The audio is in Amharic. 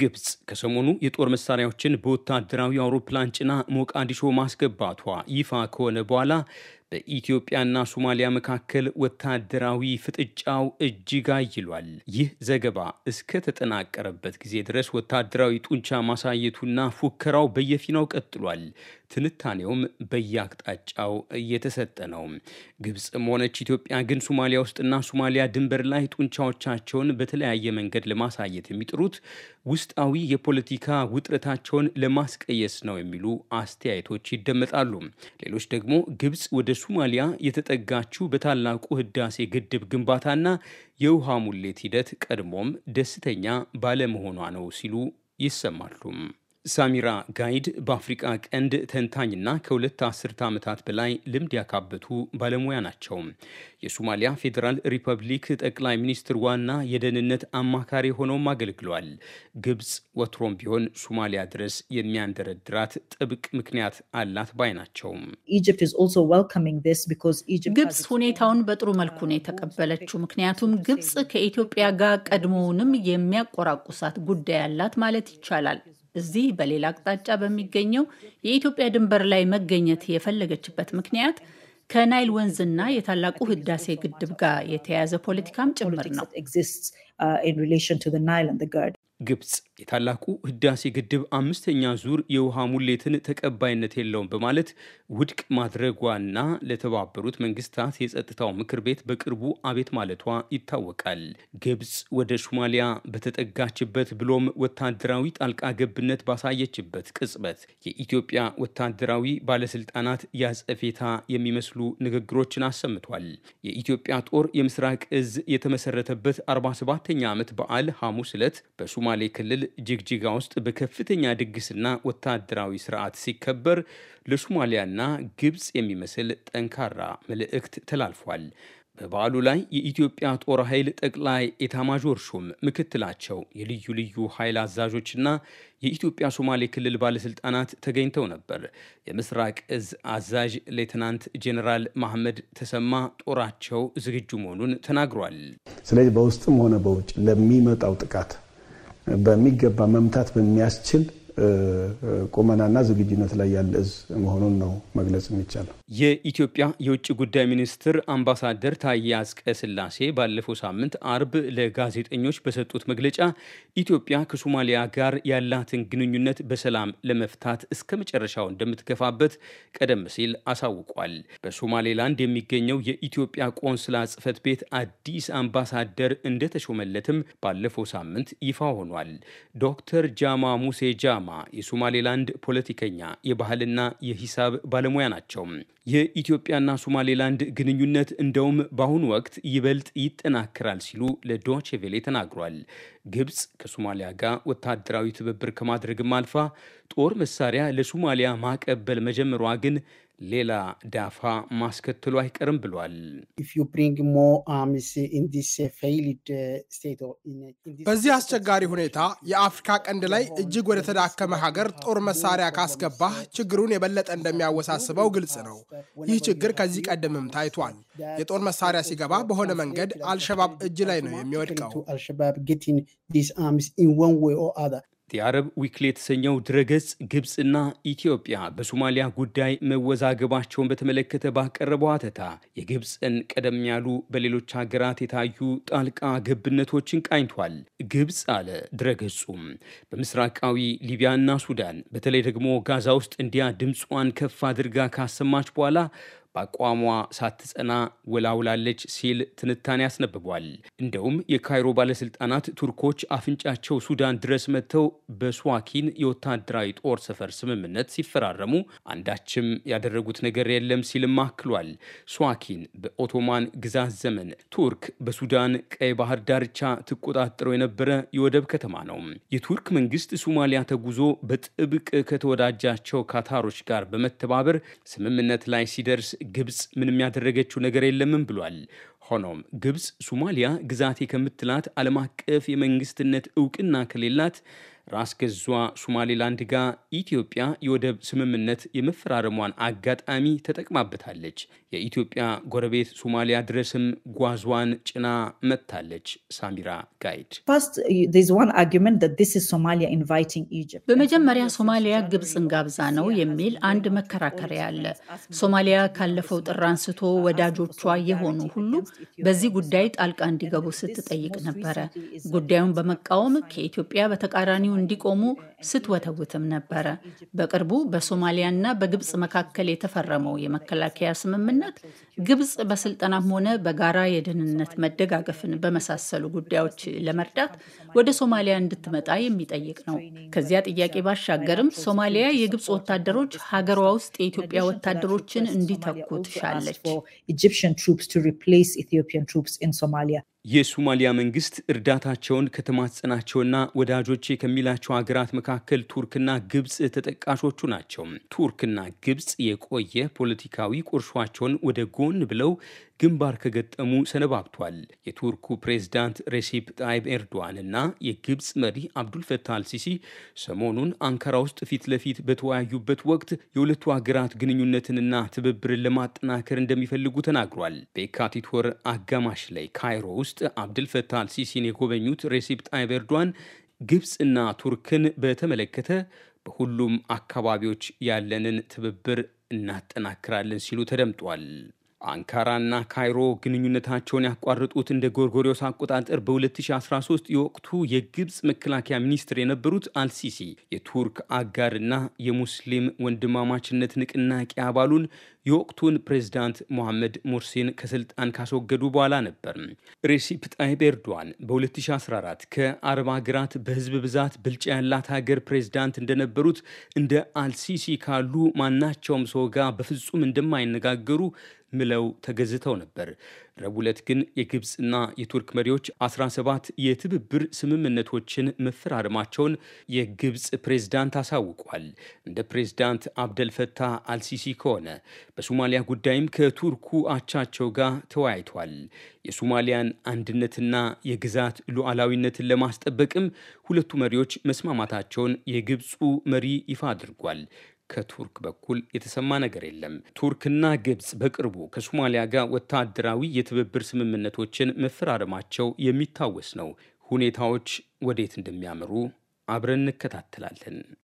ግብጽ ከሰሞኑ የጦር መሳሪያዎችን በወታደራዊ አውሮፕላን ጭና ሞቃዲሾ ማስገባቷ ይፋ ከሆነ በኋላ በኢትዮጵያና ሶማሊያ መካከል ወታደራዊ ፍጥጫው እጅግ አይሏል። ይህ ዘገባ እስከተጠናቀረበት ጊዜ ድረስ ወታደራዊ ጡንቻ ማሳየቱና ፉከራው በየፊናው ቀጥሏል። ትንታኔውም በየአቅጣጫው እየተሰጠ ነው። ግብፅም ሆነች ኢትዮጵያ ግን ሶማሊያ ውስጥና ሶማሊያ ድንበር ላይ ጡንቻዎቻቸውን በተለያየ መንገድ ለማሳየት የሚጥሩት ውስጣዊ የፖለቲካ ውጥረታቸውን ለማስቀየስ ነው የሚሉ አስተያየቶች ይደመጣሉ። ሌሎች ደግሞ ግብፅ ወደ የሱማሊያ የተጠጋችው በታላቁ ህዳሴ ግድብ ግንባታና የውሃ ሙሌት ሂደት ቀድሞም ደስተኛ ባለመሆኗ ነው ሲሉ ይሰማሉ። ሳሚራ ጋይድ በአፍሪቃ ቀንድ ተንታኝና ከሁለት አስርተ ዓመታት በላይ ልምድ ያካበቱ ባለሙያ ናቸው። የሶማሊያ ፌዴራል ሪፐብሊክ ጠቅላይ ሚኒስትር ዋና የደህንነት አማካሪ ሆነውም አገልግሏል። ግብፅ ወትሮም ቢሆን ሶማሊያ ድረስ የሚያንደረድራት ጥብቅ ምክንያት አላት ባይ ናቸው። ግብፅ ሁኔታውን በጥሩ መልኩ ነው የተቀበለችው። ምክንያቱም ግብፅ ከኢትዮጵያ ጋር ቀድሞውንም የሚያቆራቁሳት ጉዳይ አላት ማለት ይቻላል። እዚህ በሌላ አቅጣጫ በሚገኘው የኢትዮጵያ ድንበር ላይ መገኘት የፈለገችበት ምክንያት ከናይል ወንዝና የታላቁ ህዳሴ ግድብ ጋር የተያያዘ ፖለቲካም ጭምር ነው። uh, ግብፅ የታላቁ ህዳሴ ግድብ አምስተኛ ዙር የውሃ ሙሌትን ተቀባይነት የለውም በማለት ውድቅ ማድረጓና ለተባበሩት መንግስታት የጸጥታው ምክር ቤት በቅርቡ አቤት ማለቷ ይታወቃል። ግብፅ ወደ ሶማሊያ በተጠጋችበት ብሎም ወታደራዊ ጣልቃ ገብነት ባሳየችበት ቅጽበት የኢትዮጵያ ወታደራዊ ባለስልጣናት ያጸፌታ የሚመስሉ ንግግሮችን አሰምቷል። የኢትዮጵያ ጦር የምስራቅ እዝ የተመሰረተበት 47ኛ ዓመት በዓል ሐሙስ ዕለት በሶማሌ ክልል ጅግጅጋ ውስጥ በከፍተኛ ድግስና ወታደራዊ ስርዓት ሲከበር ለሶማሊያና ግብፅ የሚመስል ጠንካራ መልእክት ተላልፏል። በበዓሉ ላይ የኢትዮጵያ ጦር ኃይል ጠቅላይ ኤታማዦር ሹም፣ ምክትላቸው፣ የልዩ ልዩ ኃይል አዛዦችና የኢትዮጵያ ሶማሌ ክልል ባለስልጣናት ተገኝተው ነበር። የምስራቅ እዝ አዛዥ ሌትናንት ጄኔራል መሐመድ ተሰማ ጦራቸው ዝግጁ መሆኑን ተናግሯል። ስለዚህ በውስጥም ሆነ በውጭ ለሚመጣው ጥቃት በሚገባ መምታት በሚያስችል ቁመናና ዝግጁነት ላይ ያለ እዝ መሆኑን ነው መግለጽ የሚቻለው። የኢትዮጵያ የውጭ ጉዳይ ሚኒስትር አምባሳደር ታዬ አጽቀሥላሴ ባለፈው ሳምንት አርብ ለጋዜጠኞች በሰጡት መግለጫ ኢትዮጵያ ከሶማሊያ ጋር ያላትን ግንኙነት በሰላም ለመፍታት እስከ መጨረሻው እንደምትገፋበት ቀደም ሲል አሳውቋል። በሶማሌላንድ የሚገኘው የኢትዮጵያ ቆንስላ ጽህፈት ቤት አዲስ አምባሳደር እንደተሾመለትም ባለፈው ሳምንት ይፋ ሆኗል። ዶክተር ጃማ ሙሴ ጃማ ጃማ የሶማሌላንድ ፖለቲከኛ፣ የባህልና የሂሳብ ባለሙያ ናቸው። የኢትዮጵያና ሶማሌላንድ ግንኙነት እንደውም በአሁኑ ወቅት ይበልጥ ይጠናክራል ሲሉ ለዶቼ ቬሌ ተናግሯል። ግብጽ ከሶማሊያ ጋር ወታደራዊ ትብብር ከማድረግም አልፋ ጦር መሳሪያ ለሶማሊያ ማቀበል መጀመሯ ግን ሌላ ዳፋ ማስከትሉ አይቀርም ብሏል። uh, uh, uh, በዚህ አስቸጋሪ ሁኔታ የአፍሪካ ቀንድ ላይ እጅግ ወደ ተዳከመ ሀገር ጦር መሳሪያ ካስገባህ ችግሩን የበለጠ እንደሚያወሳስበው ግልጽ ነው። ይህ ችግር ከዚህ ቀደምም ታይቷል። የጦር መሳሪያ ሲገባ በሆነ መንገድ አልሸባብ እጅ ላይ ነው የሚወድቀው። የአረብ ዊክሊ የተሰኘው ድረገጽ ግብፅና ኢትዮጵያ በሶማሊያ ጉዳይ መወዛገባቸውን በተመለከተ ባቀረበው አተታ የግብፅን ቀደም ያሉ በሌሎች ሀገራት የታዩ ጣልቃ ገብነቶችን ቃኝቷል። ግብፅ አለ ድረገጹም በምስራቃዊ ሊቢያና ሱዳን በተለይ ደግሞ ጋዛ ውስጥ እንዲያ ድምጿን ከፍ አድርጋ ካሰማች በኋላ በአቋሟ ሳትጸና ወላውላለች ሲል ትንታኔ አስነብቧል። እንደውም የካይሮ ባለስልጣናት ቱርኮች አፍንጫቸው ሱዳን ድረስ መጥተው በስዋኪን የወታደራዊ ጦር ሰፈር ስምምነት ሲፈራረሙ አንዳችም ያደረጉት ነገር የለም ሲልም አክሏል። ስዋኪን በኦቶማን ግዛት ዘመን ቱርክ በሱዳን ቀይ ባህር ዳርቻ ትቆጣጠረው የነበረ የወደብ ከተማ ነው። የቱርክ መንግስት ሱማሊያ ተጉዞ በጥብቅ ከተወዳጃቸው ካታሮች ጋር በመተባበር ስምምነት ላይ ሲደርስ ግብጽ ምንም ያደረገችው ነገር የለምም ብሏል። ሆኖም ግብፅ ሶማሊያ ግዛቴ ከምትላት ዓለም አቀፍ የመንግስትነት እውቅና ከሌላት ራስ ገዟ ሶማሌላንድ ጋር ኢትዮጵያ የወደብ ስምምነት የመፈራረሟን አጋጣሚ ተጠቅማበታለች። የኢትዮጵያ ጎረቤት ሶማሊያ ድረስም ጓዟን ጭና መጥታለች። ሳሚራ ጋይድ በመጀመሪያ ሶማሊያ ግብፅን ጋብዛ ነው የሚል አንድ መከራከሪያ አለ። ሶማሊያ ካለፈው ጥር አንስቶ ወዳጆቿ የሆኑ ሁሉ በዚህ ጉዳይ ጣልቃ እንዲገቡ ስትጠይቅ ነበረ። ጉዳዩን በመቃወም ከኢትዮጵያ በተቃራኒው እንዲቆሙ ስትወተውትም ነበረ። በቅርቡ በሶማሊያና በግብፅ መካከል የተፈረመው የመከላከያ ስምምነት ግብፅ በስልጠናም ሆነ በጋራ የደህንነት መደጋገፍን በመሳሰሉ ጉዳዮች ለመርዳት ወደ ሶማሊያ እንድትመጣ የሚጠይቅ ነው። ከዚያ ጥያቄ ባሻገርም ሶማሊያ የግብፅ ወታደሮች ሀገሯ ውስጥ የኢትዮጵያ ወታደሮችን እንዲተኩ ትሻለች። የሱማሊያ መንግስት እርዳታቸውን ከተማጸናቸውና ወዳጆቼ ከሚላቸው ሀገራት መካከል ቱርክና ግብፅ ተጠቃሾቹ ናቸው። ቱርክና ግብፅ የቆየ ፖለቲካዊ ቁርሾቸውን ወደ ጎን ብለው ግንባር ከገጠሙ ሰነባብቷል። የቱርኩ ፕሬዝዳንት ሬሴፕ ጣይብ ኤርዶዋን እና የግብፅ መሪ አብዱልፈታ አልሲሲ ሰሞኑን አንካራ ውስጥ ፊት ለፊት በተወያዩበት ወቅት የሁለቱ ሀገራት ግንኙነትንና ትብብርን ለማጠናከር እንደሚፈልጉ ተናግሯል። በየካቲት ወር አጋማሽ ላይ ካይሮ ውስጥ ውስጥ አብድል ፈታል አልሲሲን የጎበኙት ሬሲፕ ጣይብ ኤርዶዋን ግብፅና ቱርክን በተመለከተ በሁሉም አካባቢዎች ያለንን ትብብር እናጠናክራለን ሲሉ ተደምጧል። አንካራና ካይሮ ግንኙነታቸውን ያቋረጡት እንደ ጎርጎሪዮስ አቆጣጠር በ2013 የወቅቱ የግብፅ መከላከያ ሚኒስትር የነበሩት አልሲሲ የቱርክ አጋርና የሙስሊም ወንድማማችነት ንቅናቄ አባሉን የወቅቱን ፕሬዝዳንት ሞሐመድ ሙርሲን ከስልጣን ካስወገዱ በኋላ ነበር። ሬሲፕ ጣይብ ኤርዶዋን በ2014 ከአረብ ሀገራት በህዝብ ብዛት ብልጫ ያላት ሀገር ፕሬዝዳንት እንደነበሩት እንደ አልሲሲ ካሉ ማናቸውም ሰው ጋር በፍጹም እንደማይነጋገሩ ምለው ተገዝተው ነበር። ረቡዕ ዕለት ግን የግብፅና የቱርክ መሪዎች 17 የትብብር ስምምነቶችን መፈራረማቸውን የግብፅ ፕሬዝዳንት አሳውቋል። እንደ ፕሬዝዳንት አብደልፈታህ አልሲሲ ከሆነ በሶማሊያ ጉዳይም ከቱርኩ አቻቸው ጋር ተወያይቷል። የሶማሊያን አንድነትና የግዛት ሉዓላዊነትን ለማስጠበቅም ሁለቱ መሪዎች መስማማታቸውን የግብፁ መሪ ይፋ አድርጓል። ከቱርክ በኩል የተሰማ ነገር የለም። ቱርክና ግብፅ በቅርቡ ከሶማሊያ ጋር ወታደራዊ የትብብር ስምምነቶችን መፈራረማቸው የሚታወስ ነው። ሁኔታዎች ወዴት እንደሚያመሩ አብረን እንከታተላለን።